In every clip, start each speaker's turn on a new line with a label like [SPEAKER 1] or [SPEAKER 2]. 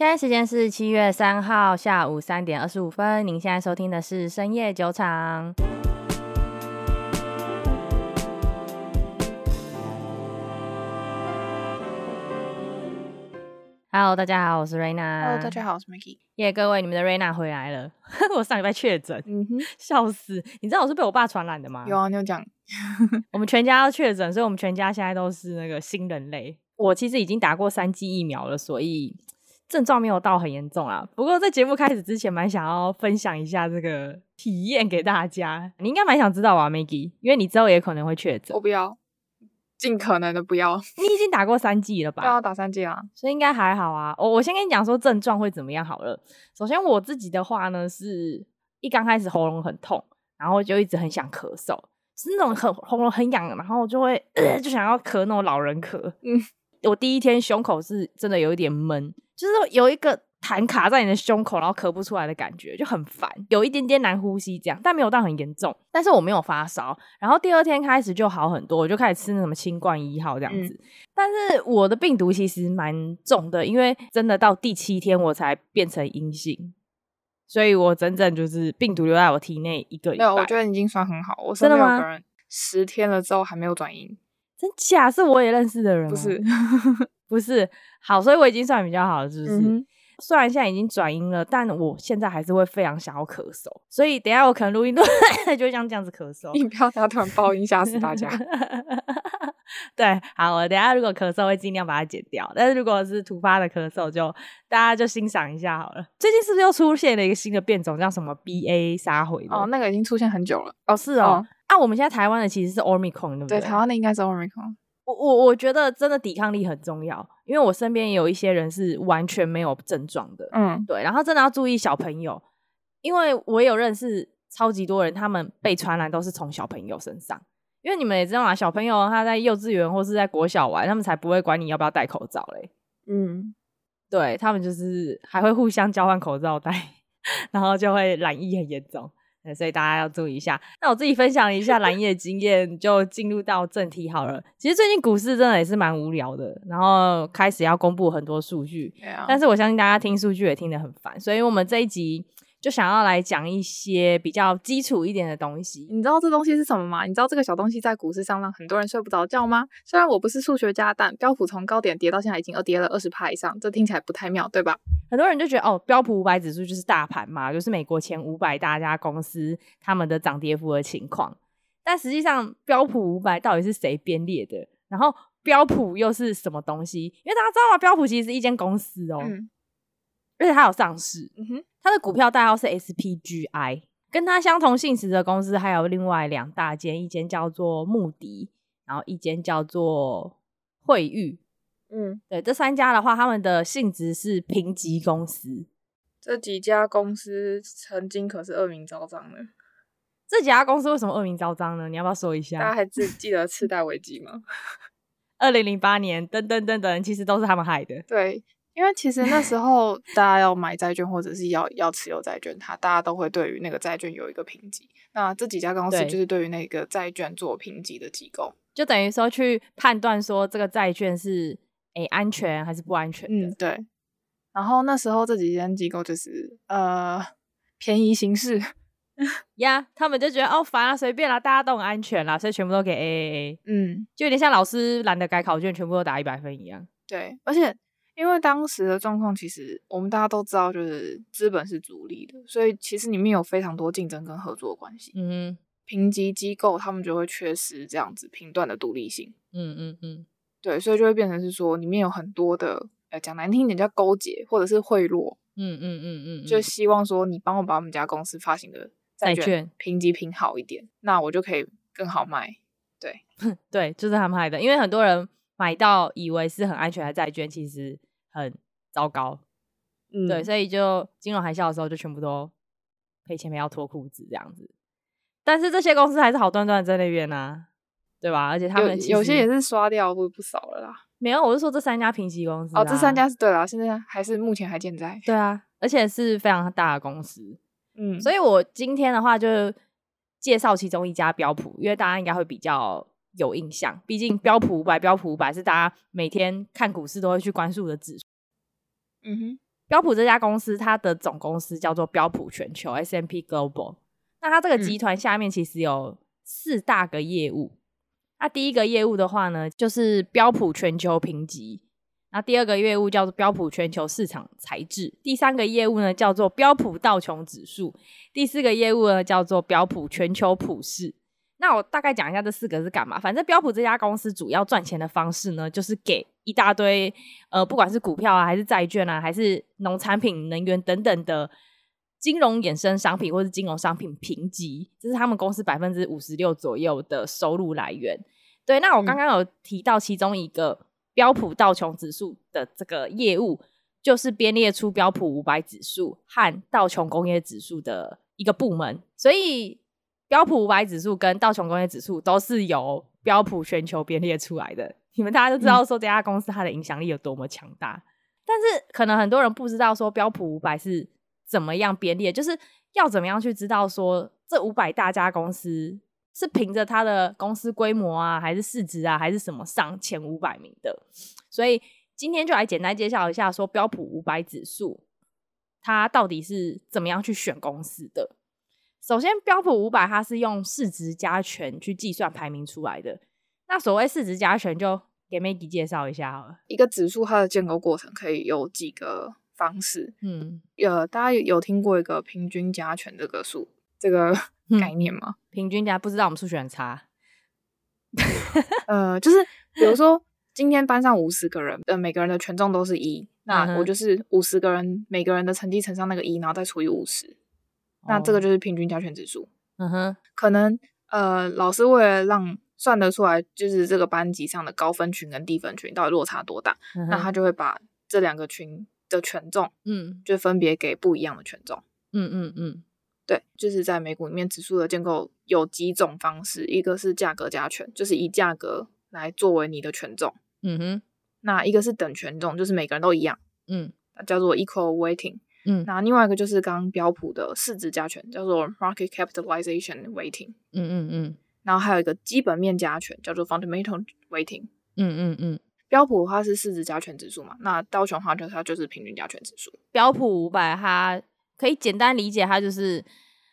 [SPEAKER 1] 現在時間是七月三號下午三點二十五分。您現在收聽的是《深夜酒場》。 Hello，大家好，我是瑞娜。Hello，大家好，我是 Micky。耶，yeah, 各位，你們的瑞娜回來了。 我上禮拜確診，嗯、哼笑死！你知道我是被我爸傳染的嗎？有啊，你有講。 我們全家都確診，所以我們全家現在都是那個新人類。我其實已經打過三劑疫苗了，所以。症狀沒有到很嚴重啊，不過在節目開始之前，蠻想要分享一下這個體驗給大家。你應該蠻想知道吧，Maggie？因為你之後也可能會確診。我不要，盡可能的不要。你已經打過三劑了吧？要打三劑啊，所以應該還好啊。我我先跟你講說症狀會怎麼樣好了。首先我自己的話呢，是一剛開始喉嚨很痛，然後就一直很想咳嗽，是那種很喉嚨很癢，然後就會 就想要咳那種老人咳。嗯，我第一天胸口是真的有一點悶。就是有一個痰卡在你的胸口，然後咳不出來的感覺就很煩，有一點點難呼吸這樣，但沒有到很嚴重。但是我沒有發燒，然後第二天開始就好很多，我就開始吃那什麼清冠一號這樣子。嗯、但是我的病毒其實蠻重的，因為真的到第七天我才變成陰性，所以我整整就是病毒留在我體內一個禮拜。我覺得
[SPEAKER 2] 已經算很好。我是真的嗎？十天了之後還沒有轉陰，真
[SPEAKER 1] 假是我也認識的人。啊？不是。
[SPEAKER 2] 不是好，所以我已經算比較好了，是不是？嗯、
[SPEAKER 1] 哼雖然現在已經轉陰了，但我現在還是會非常想要咳嗽。所以等一下我可能錄音都 就像這樣子咳嗽。不要，他突然爆音嚇死大家。 對，好，我等一下如果咳嗽我會盡量把它剪掉。但是如果是突發的咳嗽，就大家就欣賞一下好了。最近是不是又出現了一個新的變種，叫什麼 BA 沙回？哦，那個已經出現很久了。哦，是哦。哦啊，我們現在台灣的其實是 Omicron，對不對？對，台灣的應該是 Omicron。我我我覺得真的抵抗力很重要，因為我身邊也有一些人是完全沒有症狀的，嗯，對。然後真的要注意小朋友，因為我也有認識超級多人，他們被傳染都是從小朋友身上，因為你們也知道嘛、啊，小朋友他在幼稚園或是在國小玩，他們才不會管你要不要戴口罩嘞，嗯，對他們就是還會互相交換口罩戴， 然後就會染疫很嚴重。所以大家要注意一下。那我自己分享一下藍夜的經驗， 就進入到正題好了。其實最近股市真的也是蠻無聊的，然後開始要公布很多數據。對啊，但是我相信大家聽數據也聽得很煩，所以我們這一集。就想要來講一些比較基
[SPEAKER 2] 礎一點的東西，你知道這東西是什麼嗎？你知道這個小東西在股市上讓很多人睡不着覺嗎？雖然我不是數學家，但標普從高點跌到現在已經呃跌了二十趴以上，這聽起來不太妙，對吧？
[SPEAKER 1] 很多人就覺得哦，標普五百指數就是大盤嘛，就是美國前五百大家公司他們的漲跌幅的情況。但實際上，標普五百到底是誰編列的？然後標普又是什麼東西？因為大家知道嘛，標普其實是一間公司哦、喔，嗯、而且它有上市。嗯哼。他的股票代號是 SPGI，跟他相同性質的公司還有另外兩大間，一間叫做穆迪，然後一間叫做惠譽。
[SPEAKER 2] 嗯，
[SPEAKER 1] 對，這三家的話，他們的性質是評級公司。
[SPEAKER 2] 這幾家公司曾經可是惡名昭彰的。
[SPEAKER 1] 這幾家公司為什麼惡名昭彰呢？你要不要說一下？大家還記
[SPEAKER 2] 記得次貸危機嗎？
[SPEAKER 1] 二零零八年，等等等等，其實都是他們害的。
[SPEAKER 2] 對。因為其實那時候大家要買債券，或者是要 要持有債券它，它大家都會對於那個債券有一個評級。那這幾家公司就是對於那個債券做評級的機構，就等於說去
[SPEAKER 1] 判斷說這個債券是誒、欸、安全還是不安全的。嗯，對。
[SPEAKER 2] 然後那時候這幾間機構就是呃便宜行事。
[SPEAKER 1] 呀， yeah, 他們就覺得哦煩了、啊，隨便啦、啊，大家都很安全啦，所以全部都給 AAA。 嗯，就有點像老師懶得改考卷，全部都打一百分一樣。
[SPEAKER 2] 對，而且。因為當時的狀況，其實我們大家都知道，就是資本是逐利的，所以其實裡面有非常多競爭跟合作關係。嗯哼，評級機構他們就會缺失這樣子評斷的獨立性。嗯嗯嗯，對，所以就會變成是說裡面有很多的，呃，講難聽點叫勾結或者是賄賂。嗯,嗯嗯嗯嗯，就希望說你幫我把我們家公司發行的債券評級評好一點，那我就可以更好賣。對，
[SPEAKER 1] 對，就是他們賣的，因為很多人買到以為是很安全的債券，其實。很糟糕，嗯，對，所以就金融海嘯的時候就全部都賠前面要脫褲子這樣子。但是這些公司還是好端端在那邊吶、啊，對吧？而且他們有，有些也是
[SPEAKER 2] 刷掉是不是不少了啦。
[SPEAKER 1] 沒有，我是說這三家評級
[SPEAKER 2] 公司、啊、哦，這三家是對啊，現在還是目前
[SPEAKER 1] 還健在。對啊，而且是非常大的公司，
[SPEAKER 2] 嗯，所
[SPEAKER 1] 以我今天的話就介紹其中一家標普，因為大家應該會比較有印象，畢竟標普五百，標普五百是大家每天看股市都會去關注的指數。嗯、
[SPEAKER 2] 哼
[SPEAKER 1] 標普這家公司它的總公司叫做標普全球 （S&P Global）。那它這個集團下面其實有四大個業務。嗯、那第一個業務的話呢，就是標普全球評級；那第二個業務叫做標普全球市場財智；第三個業務呢叫做標普道瓊指數；第四個業務呢叫做標普全球普視。那我大概講一下這四個是幹嘛。反正標普這家公司主要賺錢的方式呢，就是給一大堆呃，不管是股票啊，還是債券啊，還是農產品、能源等等的金融衍生商品或是金融商品評級，這是他們公司百分之五十六左右的收入來源。對，那我剛剛有提到其中一個標普道瓊指數的這個業務，就是編列出標普五百指數和道瓊工業指數的一個部門，所以。標普五百指數跟道瓊工業指數都是由標普全球編列出來的，你們大家都知道說這家公司它的影響力有多麼強大，嗯、但是可能很多人不知道說標普五百是怎麼樣編列，就是要怎麼樣去知道說這五百大家公司是憑着它的公司規模啊，還是市值啊，還是什麼上前五百名的。所以今天就來簡單介紹一下說標普五百指數它到底是怎麼樣去選公司的。首先，標普五百它是用市值加權去計算排名出來的。那所謂市值加權，就給 Maggie 介紹一下好了。
[SPEAKER 2] 一個指數它的建構過程可以有幾個方式，嗯，呃，大家有聽過一個平均加權這個數這個概念嗎？平均加不知道，我們數學很差。 對，呃，就是比如說今天班上五十個人，呃，每個人的權重都是一，嗯哼，那我就是五十個人，每個人的成績乘上那個一，然後再除以五十。那這個就是平均加權指數。嗯哼，可能呃，老師為了讓算得出來，就是這個班級上的高分群跟低分群到底落差多大，嗯哼，那他就會把這兩個群的權重，嗯，就分別給不一樣的權重。嗯嗯嗯，嗯嗯對，就是在美股裡面指數的建構有幾種方式，嗯、一個是價格加權，就是以價格來作為你的權重。嗯哼，那一個是等權重，就是每個人都一樣。嗯，叫做 equal weighting。嗯，那另外一個就是剛剛標普的市值加權，叫做 Market Capitalization Weighting，嗯嗯嗯，嗯嗯，然後還有一個基本面加權，叫做 Fundamental Weighting，嗯嗯嗯。嗯嗯，標普的話是市值加權指數嘛，那道瓊的話就它就是平均加權指數。標普五百它可以簡單理解，它就是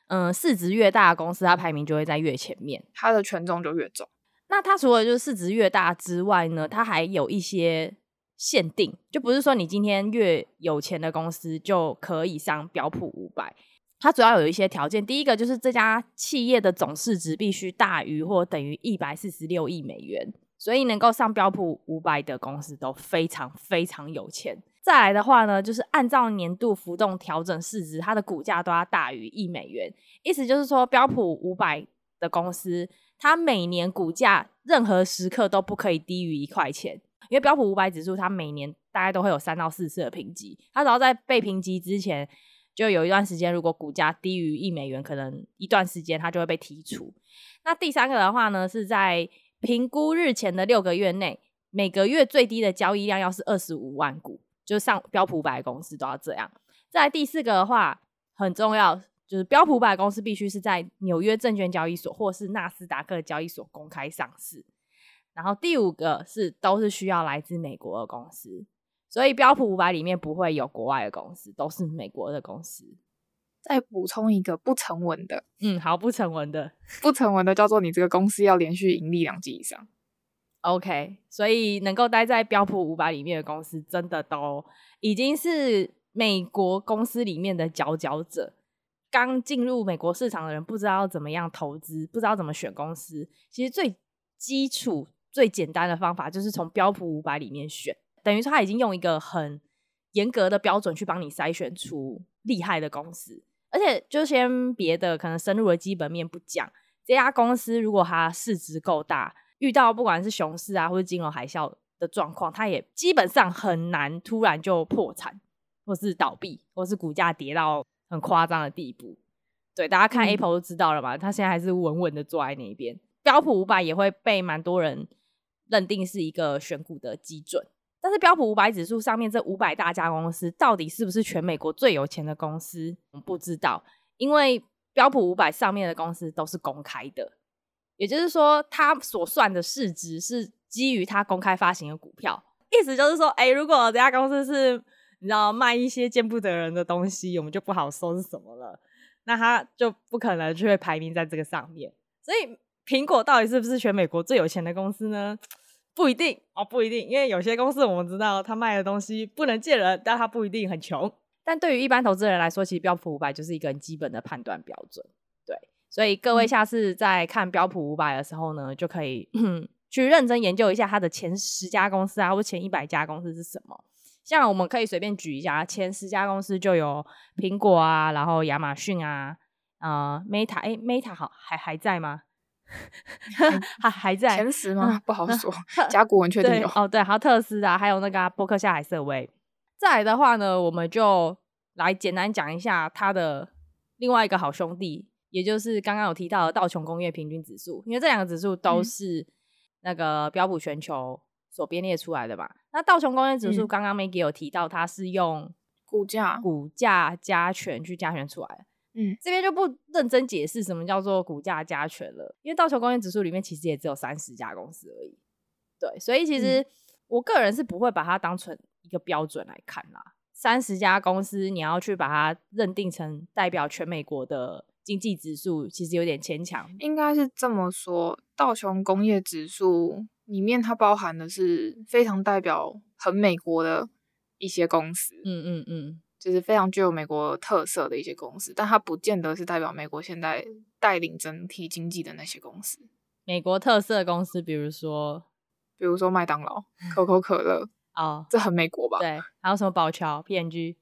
[SPEAKER 2] 嗯、呃、市值越大
[SPEAKER 1] 公司，它排名就會在越前
[SPEAKER 2] 面，它的權重就越重。
[SPEAKER 1] 那它除了就是市值越大之外呢，它還有一些。限定就不是說你今天越有錢的公司就可以上標普五百，它主要有一些條件。第一個就是這家企業的總市值必須大於或等於一百四十六億美元，所以能夠上標普五百的公司都非常非常有錢。再來的話呢，就是按照年度浮動調整市值，它的股價都要大於一美元。意思就是說，標普五百的公司，它每年股價任何時刻都不可以低於一塊錢。因為標普五百指數它每年大概都會有三到四次的評級，它只要在被評級之前，就有一段時間，如果股價低於一美元，可能一段時間它就會被剔除。那第三個的話呢，是在評估日前的六個月內，每個月最低的交易量要是二十五萬股，就是上標普五百公司都要這樣。再來第四個的話很重要，就是標普五百公司必須是在紐約證券交易所或是納斯達克交易所公開上市。然後第五個是都是需要來自美國的公司，所以標普五百裡面不會有國外的公司，都是美國的公司。
[SPEAKER 2] 再補充一個不成文的，嗯，好，不成文的，不成文的叫做你這個公司要連續盈利兩季以上。OK，
[SPEAKER 1] 所以能夠待在標普五百裡面的公司，真的都已經是美國公司裡面的佼佼者。剛進入美國市場的人不知道怎麼樣投資，不知道怎麼選公司，其實最基礎。最簡單的方法就是從標普五百裡面選，等於說他已經用一個很嚴格的標準去幫你篩選出厲害的公司，而且就先別的可能深入的基本面不講，這家公司如果它市值夠大，遇到不管是熊市啊或是金融海嘯的狀況，它也基本上很難突然就破產或是倒閉，或是股價跌到很誇張的地步。對，大家看 Apple 都知道了嘛，它現在還是穩穩的坐在那一邊，標普五百也會被蠻多人。認定是一個選股的基準，但是標普五百指數上面這五百大家公司，到底是不是全美國最有錢的公司？我們不知道，因為標普五百上面的公司都是公開的，也就是說，它所算的市值是基於它公開發行的股票。意思就是說，欸，如果這家公司是你知道賣一些見不得人的東西，我們就不好說是什麼了，那它就不可能去排名在這個上面，所以。蘋果到底是不是全美國最有錢的公司呢？不一定哦，不一定，因為有些公司我們知道它賣的東西不能見人，但它不一定很窮。但對於一般投資人來說，其實標普五百就是一個很基本的判斷標準。對，所以各位下次在看標普五百的時候呢，嗯、就可以 去認真研究一下它的前十家公司啊，或前一百家公司是什麼。像我們可以隨便舉一下，前十家公司就有蘋果啊，然後亞馬遜啊，啊、呃、，Meta，哎、欸、，Meta 好，還還在嗎？
[SPEAKER 2] 還 還在前十嗎？嗯、不好說。嗯、甲骨文確定
[SPEAKER 1] 有哦，對，還有特斯拉，還有那個、啊、波克夏·海瑟威。再來的話呢，我們就來簡單講一下它的另外一個好兄弟，也就是剛剛有提到的道瓊工業平均指數，因為這兩個指數都是那個標普全球所編列出來的吧？嗯、那道瓊工業指數剛剛 Maggie 有提到，它是用、嗯、股價股價加權去加權出來。嗯，這邊就不認真解釋什麼叫做股價加權了，因為道瓊工業指數裡面其實也只有三十家公司而已，對，所以其實我個人是不會把它當成一個標準來看啦。三十家公司，你要去把它認定成代表全美國的經濟指數，其實有點牽強。
[SPEAKER 2] 應該是這麼說，道瓊工業指數裡面它包含的是非常代表很美國的一些公司。嗯嗯嗯。嗯嗯就是非常具有美國特色的一些公司，但它不見得是代表美國現在帶領整體經濟的那些公司。
[SPEAKER 1] 美國特色的公司，比如說，比如說麥
[SPEAKER 2] 當勞、 可口可樂啊，哦、這很美國吧？對。還有什麼寶僑 PNG、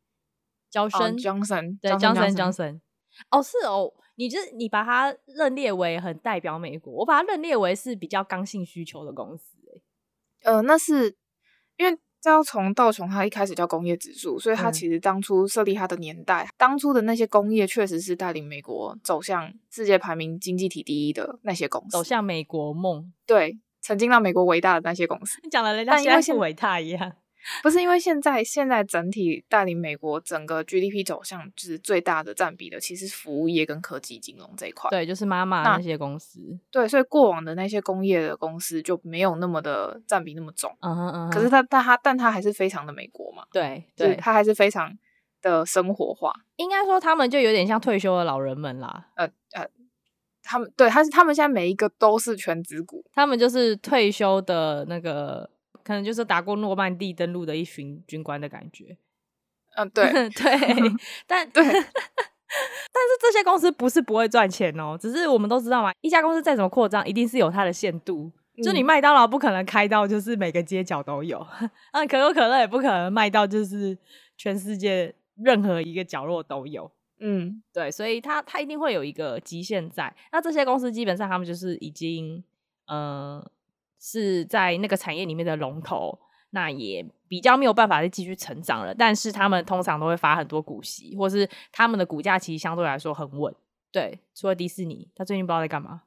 [SPEAKER 2] 嬌生？嬌生、哦、對，嬌生、嬌生。
[SPEAKER 1] 哦，是哦，你就是你把它認列為很代表美國，我把它認列為是比較剛性需求的公司。
[SPEAKER 2] 欸。呃，那是因為。這要從道瓊他一開始叫工業指數，所以他其實當初設立他的年代，嗯、當初的那些工業確實是帶領美國走向世界排名經濟體第一的那些公司，走向美國夢。對，曾經讓美國偉大的那些公司，你講的人家應該是偉大一樣。不是因為現在現在整體帶領美國整個 GDP 走向就是最大的占比的，其實服務業跟科技金融這一塊。對，就是媽媽那些公司。對，所以過往的那些工業的公司就沒有那麼的占比那麼重。嗯嗯嗯。可是他，他，他，但他還是非常的美國嘛。對對，對他還是非常的生活化。應該說他們就有點像退休的老人們啦。呃呃，他們對，他是他，他，他，他，他們現在每一個都是權值股，
[SPEAKER 1] 他們就是退休的那個。可能就是打過諾曼第登陸的一群軍官的感覺，
[SPEAKER 2] 嗯，對 對，嗯、
[SPEAKER 1] 但對， 但是這些公司不是不會賺錢哦，只是我們都知道嘛，一家公司再怎麼擴張，一定是有它的限度。嗯、就你麥當勞不可能開到就是每個街角都有， 嗯、可口可樂也不可能賣到就是全世界任何一個角落都有，
[SPEAKER 2] 嗯，
[SPEAKER 1] 對，所以它它一定會有一個極限在。那這些公司基本上他們就是已經，嗯、呃。是在那個產業裡面的龍頭，那也比較沒有辦法再繼續成長了。但是他們通常都會發很多股息，或是他們的股價其實相對來說很穩。對，除了迪士尼，他最近不知道在幹嘛？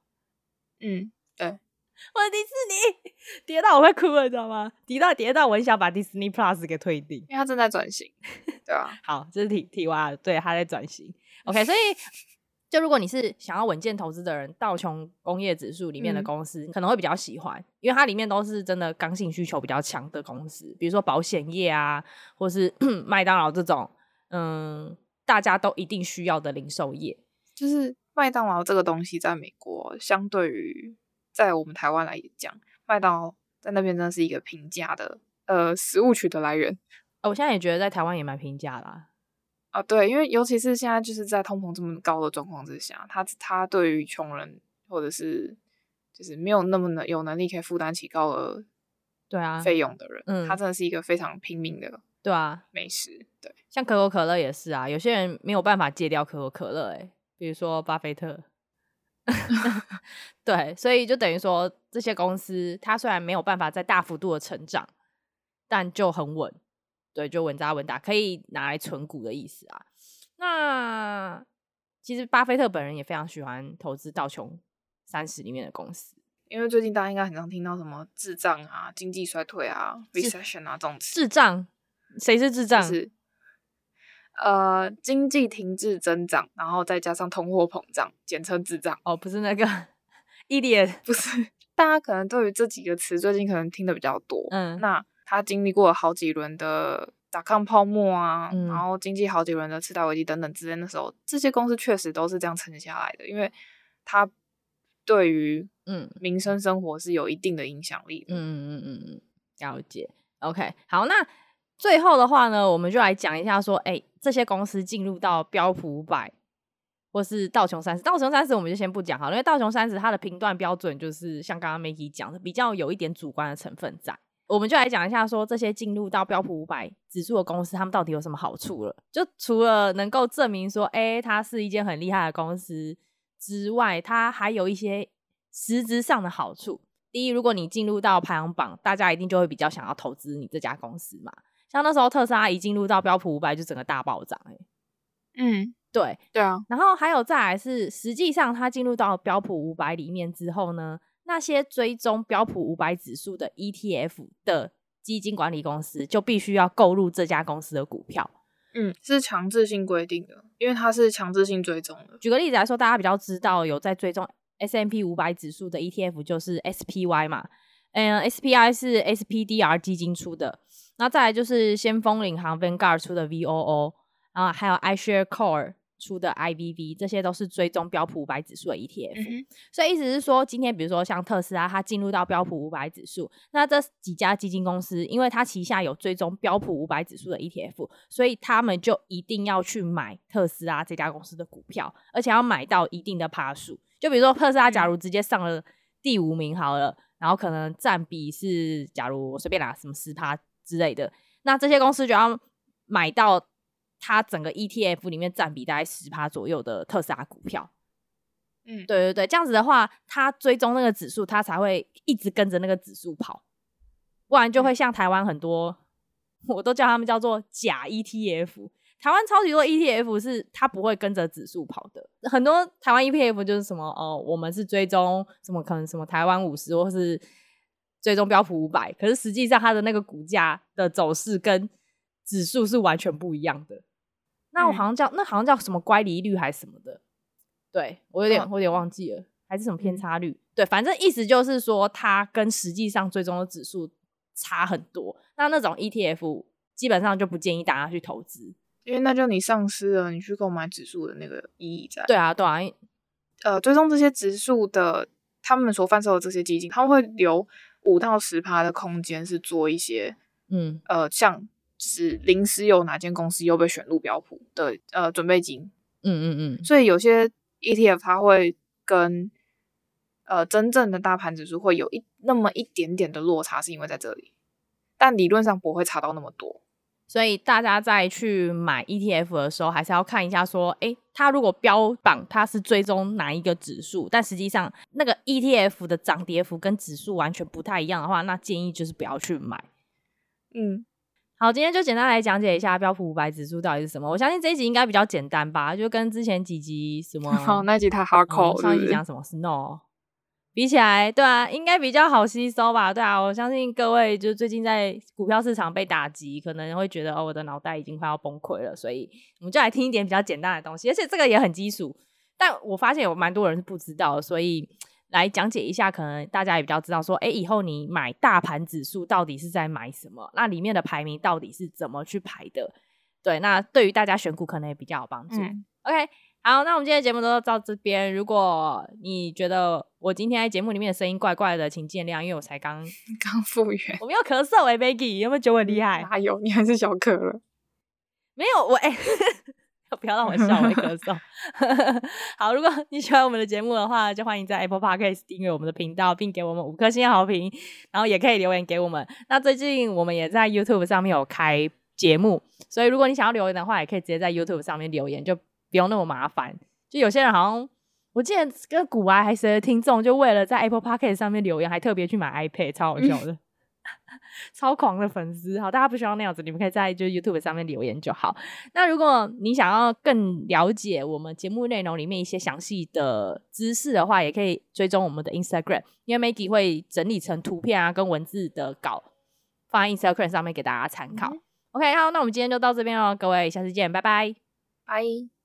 [SPEAKER 1] 嗯，對，我的迪士尼 跌到我會哭了，你知道嗎？跌到跌到我很想把迪士尼 Plus 給退訂，因為他正在轉型。對啊， 好，這、就是 T T Y R，對，他在轉型。 o、okay, K，所以。就如果你是想要穩健投資的人，道瓊工業指數裡面的公司可能會比較喜歡，嗯、因為它裡面都是真的剛性需求比較強的公司，比如說保險業啊，或是麥 當勞這種，
[SPEAKER 2] 嗯，大家都一定需要的零售業。就是麥當勞這個東西，在美國相對於在我們台灣來講，麥當勞在那邊真的是一個平價的呃食物取得來源。我現在也覺得在台灣也蠻平價啦、啊。啊，對，因為尤其是現在，就是在通膨這麼高的狀況之下，他他對於窮人或者是就是沒有那麼能有能力可以負擔起高額對啊費用的人，啊嗯、他真的是一個非常拼命的對啊美食，對，啊、對，像可口可樂
[SPEAKER 1] 也是啊，有些人沒有辦法戒掉可口可樂，誒，比如說巴菲特， 對，所以就等於說這些公司，它雖然沒有辦法再大幅度的成長，但就很穩。對，就穩紮穩打，可以拿來存股的意思啊。那其實巴菲特本人也非常喜歡投資道
[SPEAKER 2] 瓊三十裡面的公司，因為最近大家應該很常聽到什麼“滯脹”啊、經濟衰退啊、是 recession 啊這種詞。智障？誰是智障？就是呃，經濟停滯增長，然後再加上通貨膨脹，簡稱滯脹。哦，不是那個，一點不是。大家可能對於這幾個詞，最近可能聽得比較多。嗯，那。他經歷過好幾輪的達康泡沫啊，嗯、然後經歷好幾輪的次貸危機等等之類的時候，這些公司確實都是這樣撐下來的，因為他對於嗯民生生活是有一定的影響力的嗯。嗯嗯嗯嗯，了解。OK，好，那
[SPEAKER 1] 最後的話呢，我們就來講一下說，哎、欸，這些公司進入到標普五百，或是道瓊三十，道瓊三十我們就先不講好，因為道瓊三十它的評斷標準就是像剛剛 Maggie 講的，比較有一點主觀的成分在。我們就來講一下說，說這些進入到標普五百指數的公司，他們到底有什麼好處了？就除了能夠證明說，哎、欸，它是一間很厲害的公司之外，它還有一些實質上的好處。第一，如果你進入到排行榜，大家一定就會比較想要投資你這家公司嘛。像那時候特斯拉一進入到標普五百，就整個大暴漲，欸，嗯，對，對啊。然後還有再來是，實際上它進入到標普五百裡面之後呢，那些追蹤標普五百指數的 ETF 的基金管理公司，就必須要購入這家公司的股票，
[SPEAKER 2] 嗯，是強制性規定的，因為它是強制性追蹤的。舉個例子來說，大家比較知道有在追蹤
[SPEAKER 1] S&P 五百指數的 ETF 就是 S P Y 嘛，嗯，S P Y 是 S P D R 基金出的，那再來就是先鋒領航 Vanguard 出的 V O O，然後還有 iShares Core。出的 IVV，這些都是追蹤標普五百指數的 ETF、嗯、哼所以意思是說，今天比如說像特斯拉，它進入到標普五百指數，那這幾家基金公司，因為它旗下有追蹤標普五百指數的 ETF，所以他們就一定要去買特斯拉這家公司的股票，而且要買到一定的趴數。就比如說特斯拉，假如直接上了第五名好了，然後可能占比是，假如我隨便拿什麼十趴之類的，那這些公司就要買到。它整個 ETF 裡面占比大概十趴左右的特斯拉股票，嗯，對對對，這樣子的話，它追蹤那個指數，它才會一直跟着那個指數跑，不然就會像台灣很多，我都叫他們叫做假 ETF。台灣超級多 ETF 是它不會跟着指數跑的，很多台灣 ETF 就是什麼哦，我們是追蹤什麼可能什麼台灣五十，或是追蹤標普五百，可是實際上它的那個股價的走勢跟指數是完全不一樣的。那我好像叫、嗯、那好像叫什麼乖離率還是什麼的，對我有點、啊、我有點忘記了，還是什麼偏差率？嗯、對，反正意思就是說它跟實際上最終的指數差很多。那那種 ETF 基本上就不建議大家去投資，
[SPEAKER 2] 因為那就你喪失了你去購買指數的那個意義在。對啊，對啊，呃，追蹤這些指數的，他們所販售的這些基金，他們會留五到十趴的空間是做一些，嗯，呃，像是臨時有哪間公司又被選入標普的呃準備金，嗯嗯嗯，所以有些 ETF 它會跟呃真正的大盤指數會有一那麼一點點的落差，是因為在這裡，但理論上不會差到那麼多。
[SPEAKER 1] 所以大家在去買 ETF 的時候，還是要看一下說，哎，它如果標榜它是追蹤哪一個指數，但實際上那個 ETF 的漲跌幅跟指數完全不太一樣的話，那建議就是不要去買，嗯。好，今天就簡單來講解一下標普五百指數到底是什麼。我相信這一集應該比較簡單吧，就跟之前幾集什麼好那集太 hardcore、嗯、對上一集講什麼 snow 比起來，對啊，應該比較好吸收吧。對啊，我相信各位就最近在股票市場被打擊，可能會覺得哦，我的腦袋已經快要崩潰了，所以我們就來聽一點比較簡單的東西，而且這個也很基礎，但我發現有蠻多人是不知道，所以。來講解一下，可能大家也比較知道說，說哎，以後你買大盤指數到底是在買什麼？那裡面的排名到底是怎麼去排的？對，那對於大家選股可能也比較有幫助。嗯、OK，好，那我們今天的節目都到這邊。如果你覺得我今天在節目裡面的聲音怪怪的，請見諒，因為我才剛剛復原，我沒有咳嗽，Baby、欸、有沒有覺得我很厲害？哪有，你還是小咳了，沒有我哎。欸 不要讓我笑，我一咳嗽。 好，如果你喜歡我們的節目的話，就歡迎在 Apple Podcast 訂閱我們的頻道，並給我們五顆星好評，然後也可以留言給我們。那最近我們也在 YouTube 上面有開節目，所以如果你想要留言的話，也可以直接在 YouTube 上面留言，就不用那麼麻煩。就有些人好像，我記得跟古玩還是誰的聽眾，就為了在 Apple Podcast 上面留言，還特別去買 iPad，超好笑的。嗯超狂的粉絲，好，大家不需要那樣子，你們可以在就 YouTube 上面留言就好。那如果你想要更了解我們節目內容裡面一些詳細的知識的話，也可以追蹤我們的 Instagram，因為 Maggie 會整理成圖片啊跟文字的稿放在 Instagram 上面給大家參考。嗯、OK，好，那我們今天就到這邊哦，各位，下次見，拜拜，
[SPEAKER 2] 拜。